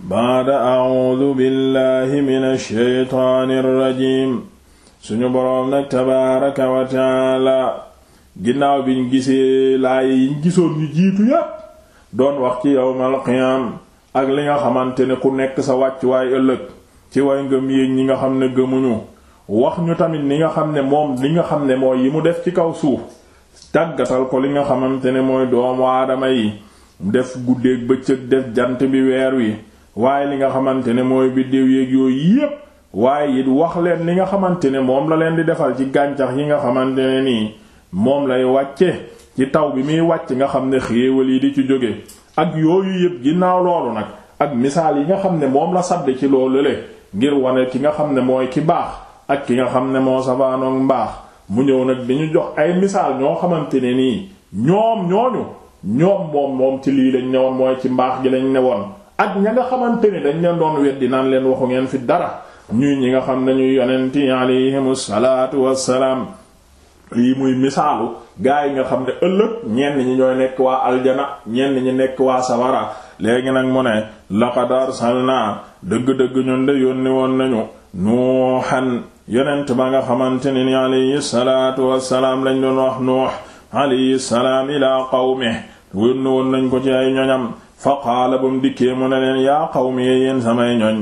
baada audu billahi min alsheytaani irrajim suñu boroom nag tabaaraka wa taala ginnaaw biñ gisee laay yiñ gisoon ñu jiitu yépp doon wax ci yowmal qiyaam ak li nga xamante ne ku nekk sa wàccuwaay ëllëg ci way ngëm yéeg ñi nga xam ne gëmuñu wax ñu tamit li nga xam ne moom li nga xam ne mooy yi mu def ci kaw suuf tàggatal ko li nga xamante ne mooy doomu aadama yi def guddeeg bëccëg def jant bi weer wi waaye li nga xamante ne mooy biddiw yéeg yooyu yépp waaye it wax leen li nga xamante ne moom la leen di defal ci gàncax yi nga xamante ne nii moom lay wàcce ci taw bi muy wàcc nga xam ne xéewal yi di ci jóge ak yooyu yépp ginnaaw loolu nag ak misaal yi nga xam ne moom la sàdd ci loolu le ngir wane ki nga xam ne mooy ki baax ak ki nga xam ne moo safaanoog mbaax mu ñëw nag di ñu jox ay misaal ñoo xamante ne nii ñoom ñooñu ñoom moom moom ci lii lañ ne mooy ci mbaax gi lañ ne woon ak ña nga xamante ni dañ leen doon weddi naan leen waxu ngeen fi dara ñuy ñi nga xam nañu yonent yi alayhimu salaatu wassalaam lii muy misaalu gaa yi nga xam ne ëllëg ñenn ñi ñooy nekk waa aljana ñenn ñi nekk waa sawara léegi nag mu ne laqad arsalnaa dëgg-dëgg ñun de yónni woon nañu nuuxan yonent ba nga xamante ne ni alayhi salaatu wassalaam lañ doon wax nuux alayhi salaam ilaa qawmi yónni woon nañ ko ci ay ñoñam fa qaala ba mu dikkee mu ne leen yaa qawmi yéen samay ñoñ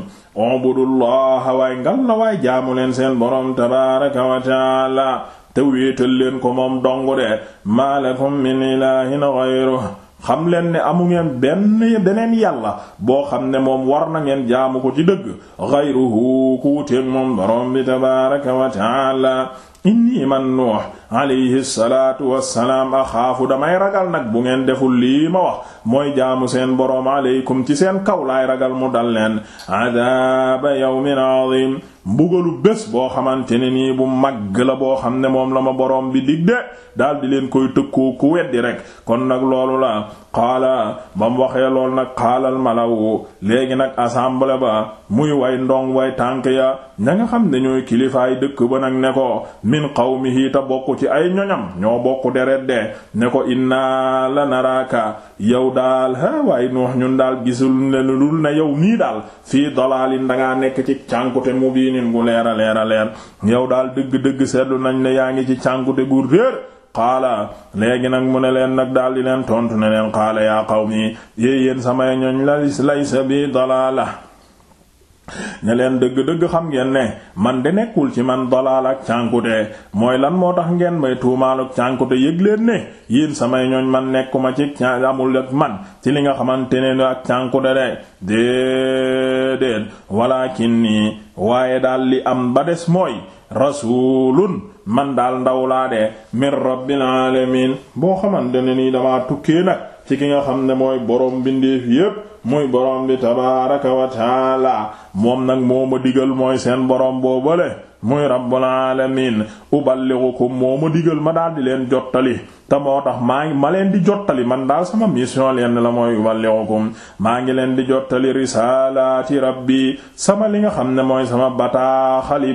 ubudullaha waay ngal la waay jaamu leen seen boroom tabaaraka wa taala te wéetal leen ko moom dong ma maa lakum min ilaahin ghayruhu xam leen ne amu ngeen benn beneen yàlla boo xam ne moom war na ngeen jaamu ko ci dëgg ghayruhu ku moom boroom bi tabaaraka wa inni man nuux alayhi salaatu wassalaam axaafu damay ragal nag bu ngeen deful lii ma wax mooy jaamu seen boroom aleykum ci seen kaw laay ragal mu dal leen adaaba yawmin azim mbugalu bés boo xamante ne nii bu mag la boo xam ne moom la ma boroom bi dig de daal di leen koy tëkkoo ku weddi rek kon nag loolu la qaala ba mu waxee lool nag xaalal malawu léegi nag assemblée ba muy way ndong way tànk ya ña nga xam ne ñooy kilifaay dëkk ba nag ne ko xaw mi ta bokku ci ay ñoñam ñoo bokk deret de ne ko innaa la naraaka yow daal ha waay nu ñun daal gisul ne lul ne yow nii daal fii dalaalin danga nekk ci cànkute mu biinin gu leer a leer a leer yow daal dëgg dëgg seetlu nañ ne yaa ngi ci cànkute gu réer qaala léegi nag mu ne leen nag daal di leen tontu ne leen qaala yaa qawmi yéen yéen samay ñoñ la laysa bi dalaala ne leen dëgg-dëgg xam ngeen ne man di nekkul ci man dalaal ak cànkute mooy lan moo tax ngeen may tuumaal ak cànkute yëg leen ne yéen samay ñooñ man nekkuma ci ca amul ak man ci li nga xamante ne ak cànkute de déedéet walaakin nii waaye daal li am ba des mooy rasulun man daal ndaw laa de min rabbil alamin boo xamante ne nii damaa tukkee nag ci ki nga xam ne mooy borom bindeef yépp muy borom bi tabaaraka wa taala moom nag moo ma digal mooy seen borom boobale muy rabbul alamin uballighukum moo ma digal ma daal di leen jottali te moo tax maa ngi ma leen di jottali man daal sama mission leen la mooy uballighukum maa ngi leen di jottali risalati rabbi sama li nga xam ne mooy sama bataaxali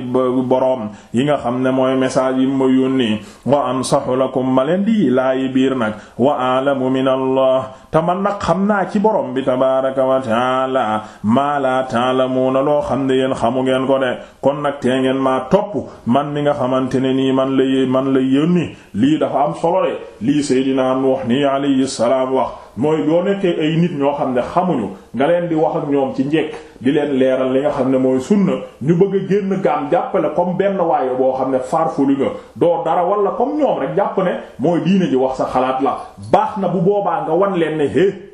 boroom yi nga xam ne mooy message yi ma yónni wa ansahu lakum ma leen di laayi biir nag wa alamu min allah te man nag xam naa ci boroom bi tabaraka wa taala maa la ta'lamuna loo xam ne yéen xamu ngeen ko de kon nag topp man mi nga xamante ne nii man lay man lay yónni lii dafa am solo de lii Seydina Nuux nii alayhi salaam wax mooy yoo nekkee ay nit ñoo xam ne xamuñu nga leen di wax ak ñoom ci njekk di leen leeral li nga xam ne mooy sunna ñu bëgg a génn gaam jàppale comme benn waaye boo xam ne farfuli nga doo dara walla comme ñoom rek jàpp ne mooy diine ji wax sa xalaat la baax na bu boobaa nga wan leen ne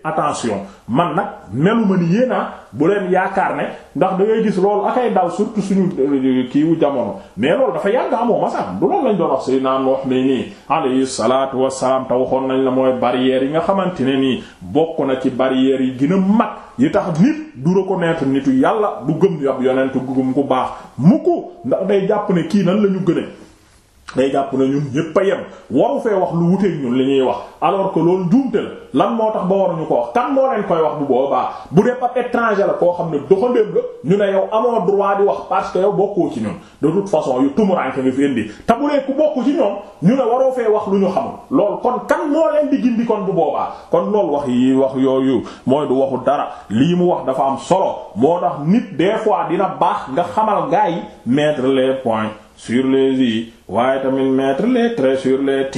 attention man nag meluma ni yéen bu leen yaakaar ne ndax da gis loolu akay daw surtout suñu euh, kiiwu jamono mais loolu dafa yàgg amoo ma sax du loolu lañ doon wax si naan wax ne nii alayhi salaatu wassalaam te waxoon nañ la mooy barrières yi nga xamante ne nii bokk na ci barrières yi gën a mag yi tax nit du reconnaître nitu yàlla du gëm yab yonent gu gëm ku baax mukk ndax day jàpp ne kii nan la ñu gëne day jàpp na ñun ñépp a yem waru fee wax lu wuteeg ñun li ñuy wax alors ko loolu njuumte la lan moo tax ba waruñu ko wax kan moo leen koy wax bu boobaa bu dee par étranger la koo xam ne doxandéem la ñu ne yow amoo droit di wax parce que yow bokkoo ci ñun de toute façon yu tumuranke nga fi indi te bu dee ci ñoom ñu ne waroo fee wax lu ñu xamul loolu kon kan moo leen di gindi kon bu boobaa kon loolu wax yi wax yooyu mooy du waxu dara lii mu wax dafa am solo moo tax nit des fois dina baax nga xamal gaa yi mettre les points sur les i waaye tamit mettre les traits sur les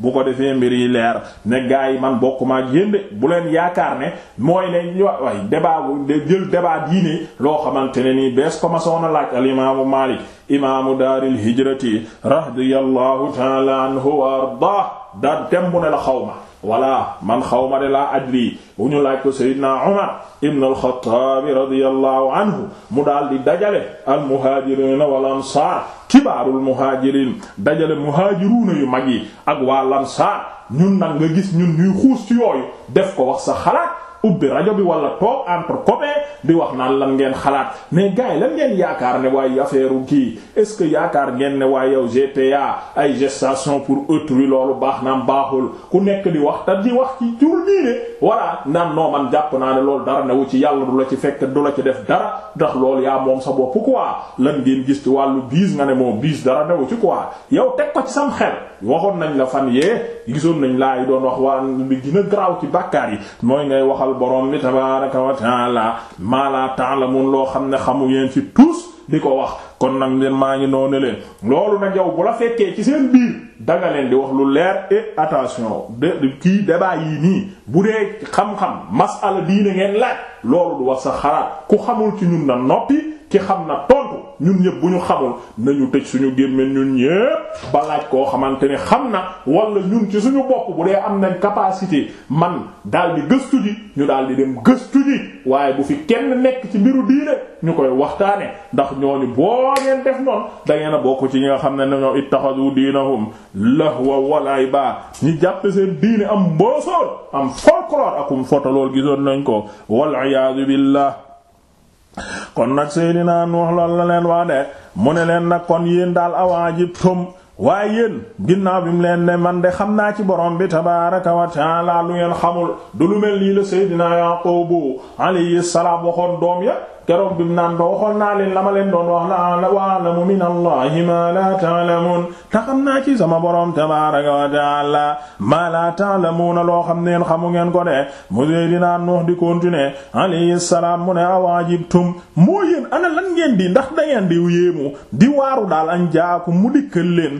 bu ko defee mbir yi leer ne gars yi man bokkuma ak yéen de bu leen yaakaar ne mooy ne ñu way débat bu jël débat diine loo xamante ne nii bees ko ma soona laaj al imaamu Maalik imaamu daaril hijrati radiyallahu taala anhu wa ardah daan dem bu ne la ma walla man xawma de laa adri bu ñu laaj ko Seydina Umar ibn al-Khattab radiyallahu anhu mu daal di dajale al-muhaajiriina wal ansaar kibaarul muhaajiriin dajale muhaajiruuna yu mag yi ak waa lansaar ñun nag nga gis ñun ñuy xuus ci yooyu def ko wax sa xalaat ubbi rajo bi wala toog entre copains bi wax naan lan ngeen xalaat mais gars yi lan ngeen yaakaar ne waaye affaire kii est-ce que yaakaar ngeen ne waaye yow GPA ay gestation pour autrui loolu baax naam baaxul ku nekk di wax ta di wax ci jur nii ne voilà naan noo jàpp naa ne loolu dara newu ci yàlla du la ci fekk du la ci def dara ndax loolu yaa moom sa bopp quoi lan ngeen gis ci wàllu biis nga ne moom biis dara newu ci quoi yow teg ko ci sam xel waxoon nañ la fan gisoon nañ laa yi doon wax waan bi gën a garaaw ci bàkkaar yi mooy ngay waxal borom bi tabaraka wa taala maa laa moom loo xam ne xamu yeen ci tous di ko wax kon nag leen maa ngi noonu leen loolu na yow bu la fekkee ci seen biir danga leen di wax lu leer et attention de kii débat yii nii bu dee xam-xam masala diine ngeen laaj loolu du wax sa xalaat ku xamul ci ñun na noppi ci xam na tontu ñun ñëpp bu ñu xamul nañu tëj suñu gémmiñ ñun ñëpp ba koo xamante ni xam na wala ñun ci suñu bopp bu dee am nañ capacité man daal di gëstu ji ñu daal di dem gëstu ji waaye bu fi kenn nekk ci mbiru diine ñu koy waxtaane ndax ñooñu boo ngeen def noonu da a bokk ci ñi nga xam ne nañoo ittaxadu diinahum lahwa walaay baa ñi jàppe seen diine am mboosool am folklore akum foto lool gisoon nañ ko wal iyaadu billah kon nag Seydina Nuux lool la leen waa de mu ne leen nag kon yéen daal awaajibtum waaye yéen ginnaaw bi mu leen ne man de xam naa ci borom bi tabaaraka wa taala lu ngeen xamul du lu mel nii la Seydina Yaaquubu alayhi salaam waxoon doom ya keroog bi mu naan ba waxoon naa la ma doon wax la wa'lamu min allahi ma la ta'lamun te xam naa ci sama boroom tabaaraka wa ta'ala ma la ta'lamuuna loo xam neen xamu ngeen ko de mu Seydina Nuux di continuer alayhi salaam mu ne awaajibtum moo yéen ana lan ngeen di ndax da ngeen di yéemu di waaru daal an jaakum mu dikkal leen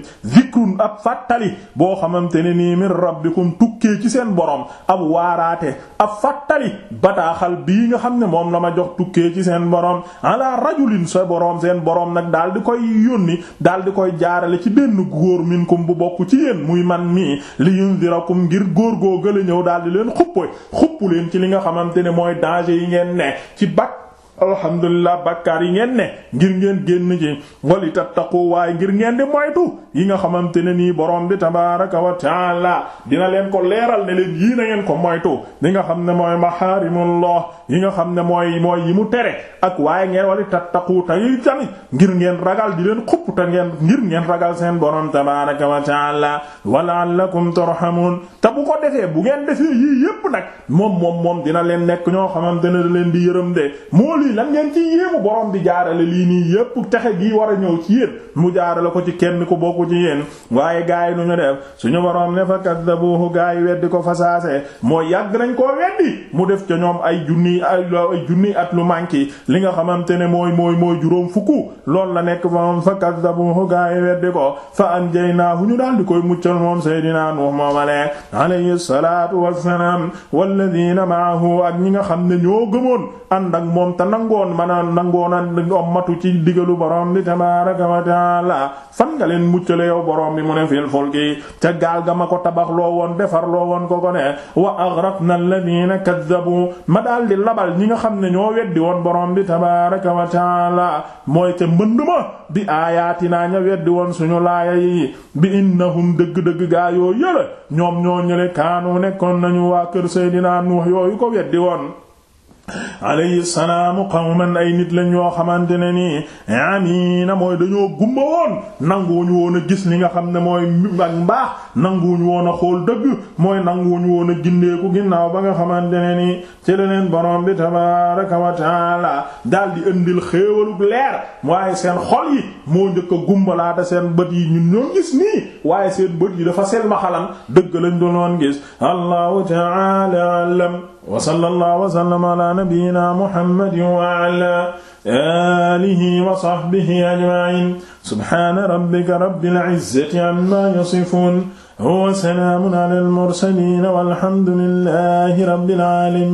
zikrun ab fàttali boo xamante ne nii min rabbikum tukkee ci seen borom ab waaraate ab fàttali bataaxal bii nga xam ne moom la ma jox tukkee ci seen borom ala rajulin sa borom seen borom nag daal di koy yónni daal di koy jaarale ci benn góor minkum bu bokk ci yéen muy man mii li yundirakum ngir góor goo gële ñëw daal di leen xuppo xuppu leen ci li nga xamante ne mooy danger yi ngeen ne ci bak alhamdulilah bakkaar yi ngeen ne ngir ngeen génn ci wali tattaqu waaye ngir ngeen di moytu yi nga xamante ne nii borom bi tabaaraka wa taala dina leen ko leeral ne leen yii na ngeen ko moytu li nga xam ne mooy mahaarimullah yi nga xam ne mooy mooy yi mu tere ak waaye ngeen wali tattaqu te yi tamit ngir ngeen ragal di leen xupp te ngeen ngir ngeen ragal seen borom tabaaraka wa taala wa la'allakum turhamun te bu ko defee bu ngeen defee yii yépp nag moom moom moom dina leen nekk ñoo xamante leen di yërëm lan ngeen ci yéemu borom bi jaarale lii nii yépp texe gii war a ñëw ci yéen mu jaarale ko ci kenn ku bokku ci yéen waaye gaa yi nu ñu def suñu borom ne fa kaddabuhu gaa yi weddi ko fasaase mooy yàgg nañ koo weddi mu def ca ñoom ay junni ay junni at lu manki li nga xamante ne mooy mooy mooy juróom fukku loolu la nekk moom fa kaddabuhu gaa yi weddi ko fa anjaynaahu ñu daal di koy muccal moom sayidina Nuh moomale alayhi salaatu wassalaam walladina ak ñi nga xam ne ñoo gëmoon ànd ak moom tan nangoon manaan nangoona ommatu ci digalu boroom bi tabaaraka wa taala fan nga leen muccale yow borom bi mu ne fil fulki ca gaal ga ma ko tabax loo woon defarloo woon ko ko ne wa aghraqna alladhina kaddabu ma daal di labal ñi nga xam ne ñoo weddi woon boroom bi tabaaraka wa taala mooy ca mbënd ma bi aayaatinaa ña weddi woon suñu laaya yi bi innahum dëgg-dëgg gaa yoo yëla ñoom ñoo ñële kaanu nekkoon nañu waa kër dinaa Nuux yooyu ko weddi woon alayhi salaamu qawman ay nit lañ yoo xamante ne nii amiina mooy dañoo gumba woon nanguwuñ woon a gis li nga xam ne mooy ak mbaax nanguwuñ woon a xool dëgg mooy nanguwuñ woon a gindeeku ginnaaw ba nga xamante ne nii ci leneen borom bi tabaaraka wa taala daal di ëndil xéewalug leer waaye seen xol yi moo njëkk a gumbalaata seen bët yi ñun ñoo gis nii waaye seen bët yi dafa seen maxalan dëgg lañ doonoon gis allahu ta'ala alam wa sallallahu wa sallama ala nabiyyina muhammadin wa ala alihi wa sahbihi ajma'in subhana rabbika rabbil izzati amma yasifun wa salamun ala al mursalin walhamdulillahi rabbil alamin